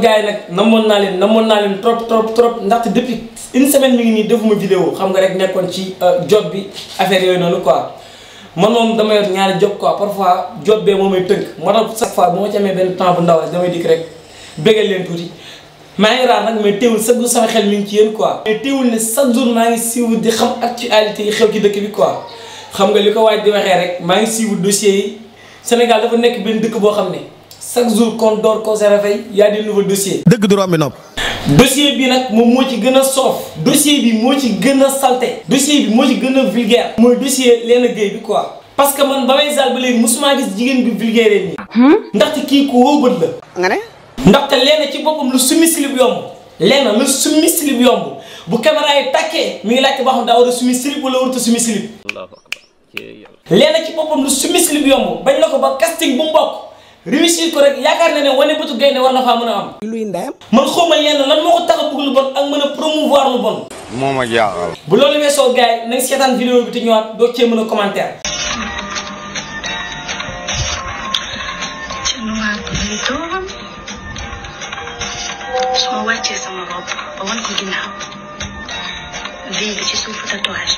gaa yi nag namoon naa leen namoon naa leen trop trop trop ndaxte depuis une semaine mi ngi nii defuma vidéo xam nga rek nekkoon ci euh, job bi affaire yooyu noonu quoi man moom dama yor ñaari job quoi parfois job bee moom may tënk moo tax chaque fois bu ma ci temps bu ndaw rek damay dikk rek bégal leen tuuti maa ngi raar nag mais teewul chaque jour sama xel mi ngi ci yéen quoi mais teewul ne chaque jour maa ngi siiw di xam actualité yi xew ci dëkk bi quoi xam nga li ko waaj di waxee rek maa ngi siiw dossiers yi Sénégal dafa nekk benn dëkk boo xam ne chaque jour kon door ko sa réveil y a des nouveaux dossiers. dëgg du romb nopp. dossier bi nag moom moo ci gën a soof dossier bi moo ci gën a salté dossier bi moo ci gën a vulgaire. mooy dossier Léna Gueye bi quoi. parce que man ba may zaal ba léegi mosuma gis jigéen bi vulgaire nii. Hmm? ndaxte kii ko ku wóobët la. nga ne. ndaxte Léna ci boppam lu summi slip yomb Léna lu summi slip yomb bu caméra yi mu ngi laajte ba xam daa war a summi slip wala warut a summi ci boppam lu summi yomb bañ na ko ba casting réussir ko rek yaakaar na ne wane bëtu gaynde war na faa mën a am. man xaw ma yenn lan moo ko tax a bëgg lu bon ak mën a promouvoir lu bon. moo ma jaaxal. bu loolu weesoo gars yi nañ seetaan vidéo bi te ñëwaat doo cee ci suufu tatouage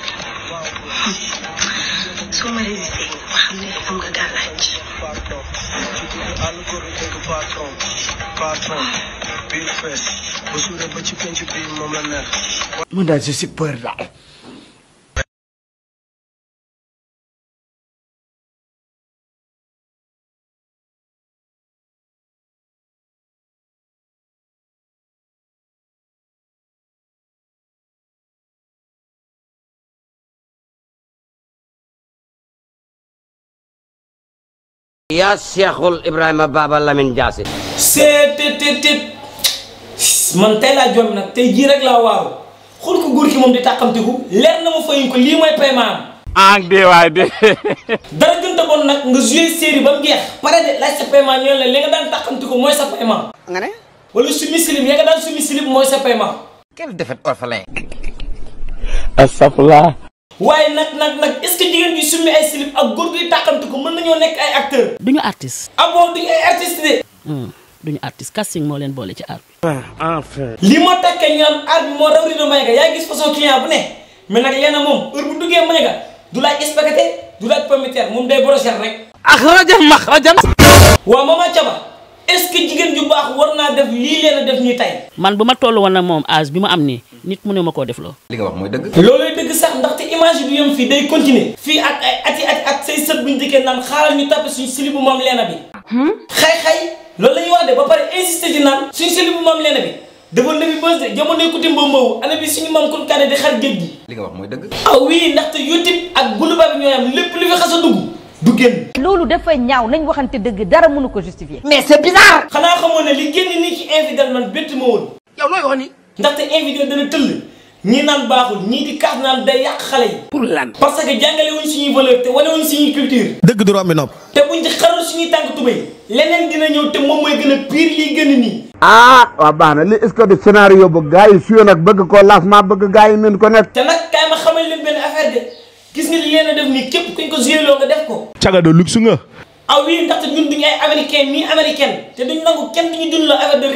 bi hmm. soo ma résisté ma xam ne am nga gàll. Mă, dar ce se păr, da? yaa Cheikhul Ibrahima Baba Lamine Diassi. seetetetet man tey laa jom nag tey jii rek laa waaru xool ko góor ki moom di tàqamtiku leer na ma fayin ko lii mooy paiement am. ah dee waay dee. dara gën a bon nag nga joué série ba mu jeex. pare de laaj sa paiement ñu la nga daan tàqamtiku mooy sa paiement. nga ne. wala sumi silib nga daan sumi silib mooy sa paiement. quel défaite orphelin. astafurlah. waaye nag nag nag est-ce que jigéen gi summi ay slip ak góor gi tàqante ko mën nañoo nekk ay acteur duñu artiste abo ah ñu ay artiste de hmm, duñu artiste casting moo leen boole ci art bi enfin li ma takkee ñu am art bi moo raw rido may nga yaa gis façon client bu ne mais nag leena moom heure bu duggee may nga du laaj spaghetti du laaj pomme de terre moom day brochette rek ak ah, rajam max rajam baax war naa def lii leen def ñuy tey man bu ma toll woon nag moom âge bi ma am nii nit mu ne ma koo def loo li nga mooy dëgg loolooy dëgg sax ndaxte image yi du yem fii day continuer fii ak ay ati ati ak say sët buñu dëkkee naan xaaral ñu tàppe suñu silibu maam leena bi xay-xay hmm? loolu la ñuy wax de ba pare insister ci naan suñu silibu maam leena bi defoon na fi bës de jamono yi ku timba mboobu ana bi suñu maam kon di xar géej gi li nga wax mooy dëgg ah oui ndaxte YouTube ak guluba bi ñooy am lépp lu fi xas a dugg du génn. loolu dafa ñaaw nañ waxante dëgg dara mënu ko justifier. mais c'est bizarre. xanaa xamoon ne li génn nii ci infidèle man bett ma woon. yow looy wax ni. ndaxte infidèle dana tëll ñii day yàq xale yi. pour lan. parce que jàngale wuñ suñuy valeur te wane wuñ suñuy culture. dëgg du rombi nopp. te buñ ci xaral suñuy tànk tubéy leneen dina ñëw te moom mooy gën a pire lii gën a nii. ah waaw baax na li est-ce bu gars yi nag bëgg ko lancement bëgg gars yi ko nekk. te nag kaay ma gis nga li ngeen a def nii képp kuñ ko loo nga def ko. caga de luxe nga. aw ah wii ndaxte ñun duñu ay américain nii américaine te duñ nangu kenn duñu dund la affaire de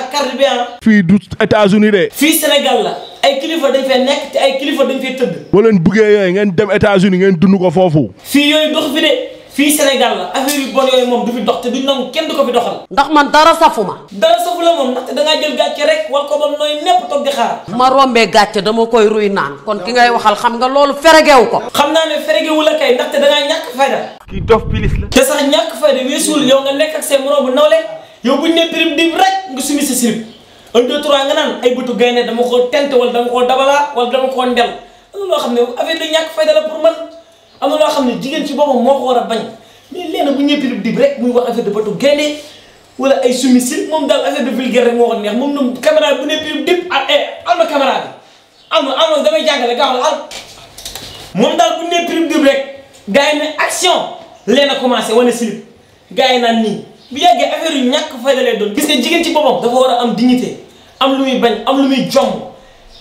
ak Cardi B. fii du États-Unis de. fii Sénégal la ay kilifa dañ fee nekk te ay kilifa dañ fee tëdd. boo leen buggee yooyu ngeen dem états uni ngeen dund ko foofu. fii yooyu dox fi de. fi senegal la affaire yu bon yoy mom du fi dox te du nang kenn du ko fi doxal. ndax man dara safuma dara safu la moom ndaxte da nga jël gatché rek wal ko ba noy nepp tok di xaar. ma rombé gatché dama koy ruy naan kon ki ngay waxal xam nga loolu feregewu ko. xam naa ne feregewu la kay ndaxte da nga ñak fayda. ki dof pilis la. te sax ñak fayda wessul yow nga nekk ak sé moroom bu nawle yow buñ né prime dib rek nga sumi sa sirib un deux trois nga naan ay bëtu gayné dama ko tenté wal dama ko dabala wal dama ko ndel lo xamné affaire du ñak fayda la pour man am na loo xam ne jigéen ci boppam moo ko war a bañ mais leena bu ñëpp dib rek muy wax affaire de batu gaynde wala ay soumissi moom daal affaire de vulgaire rek moo moom ñoom caméra bu ñëpp dib ah eh am na caméra bi am na am na damay jàngale gaaw la am. moom daal bu ñëpp dib rek gars action leena commencé wane slip gars yi naan nii bu yàggee affaire yu ñàkk fayda lay doon. gis nga jigéen ci boppam dafa war a am dignité am lu muy bañ am lu muy jomb.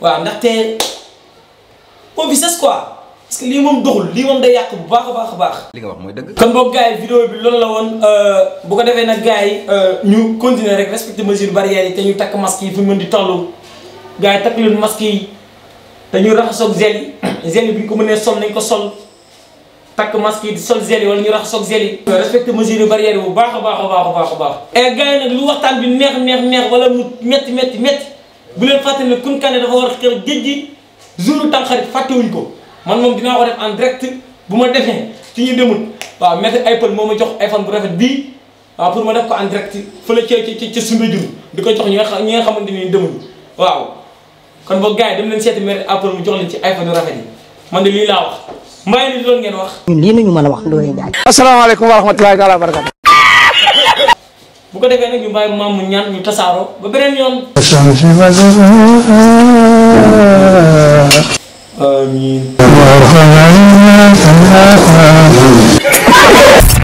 waaw ndaxte on visesse quoi parce que lii moom doxul lii moom day yàq bu baax a baax a baax. li nga wax mooy dëgg. kon boog gars yi vidéo bi loolu la woon euh, ko defee nag gars yi euh, ñu continuer rek respecter mesures barrières yi te ñu takk masques yi fu mën di toll gars yi takk leen masques yi te ñu raxasoog gel yi gel yi bu ñu ko sol nañ ko sol takk masques yi yi wala ñu yi. respecter mesures barrières yi bu baax baax a baax baax a eh, yi nag lu waxtaan bi neex neex neex wala mu métti métti métti. bu leen fàttali ne kun kane dafa war a xew géej gi jour tamxarit fàttewuñ ko man moom dinaa ko def en direct bu ma defee ci ñu demul waaw métti Apple moo ma jox iPhone bu bii waaw pour def ko en direct fële ca ca ca Soumbédioune di ko jox ñi nga ñi nga xamante ni waaw. kon boog gars yi dem leen seeti mère Apple mu jox leen ci iPhone yu rafet yi man de lii laa wax mbaa yi nii ngeen wax. ñun lii nañu mën a wax Ndoye Ndiaye. asalaamaaleykum wa rahmatulaahi taala wa barakaatu. bu ko defee nag ñu bàyyi maam mu ñaan ñu ba yoon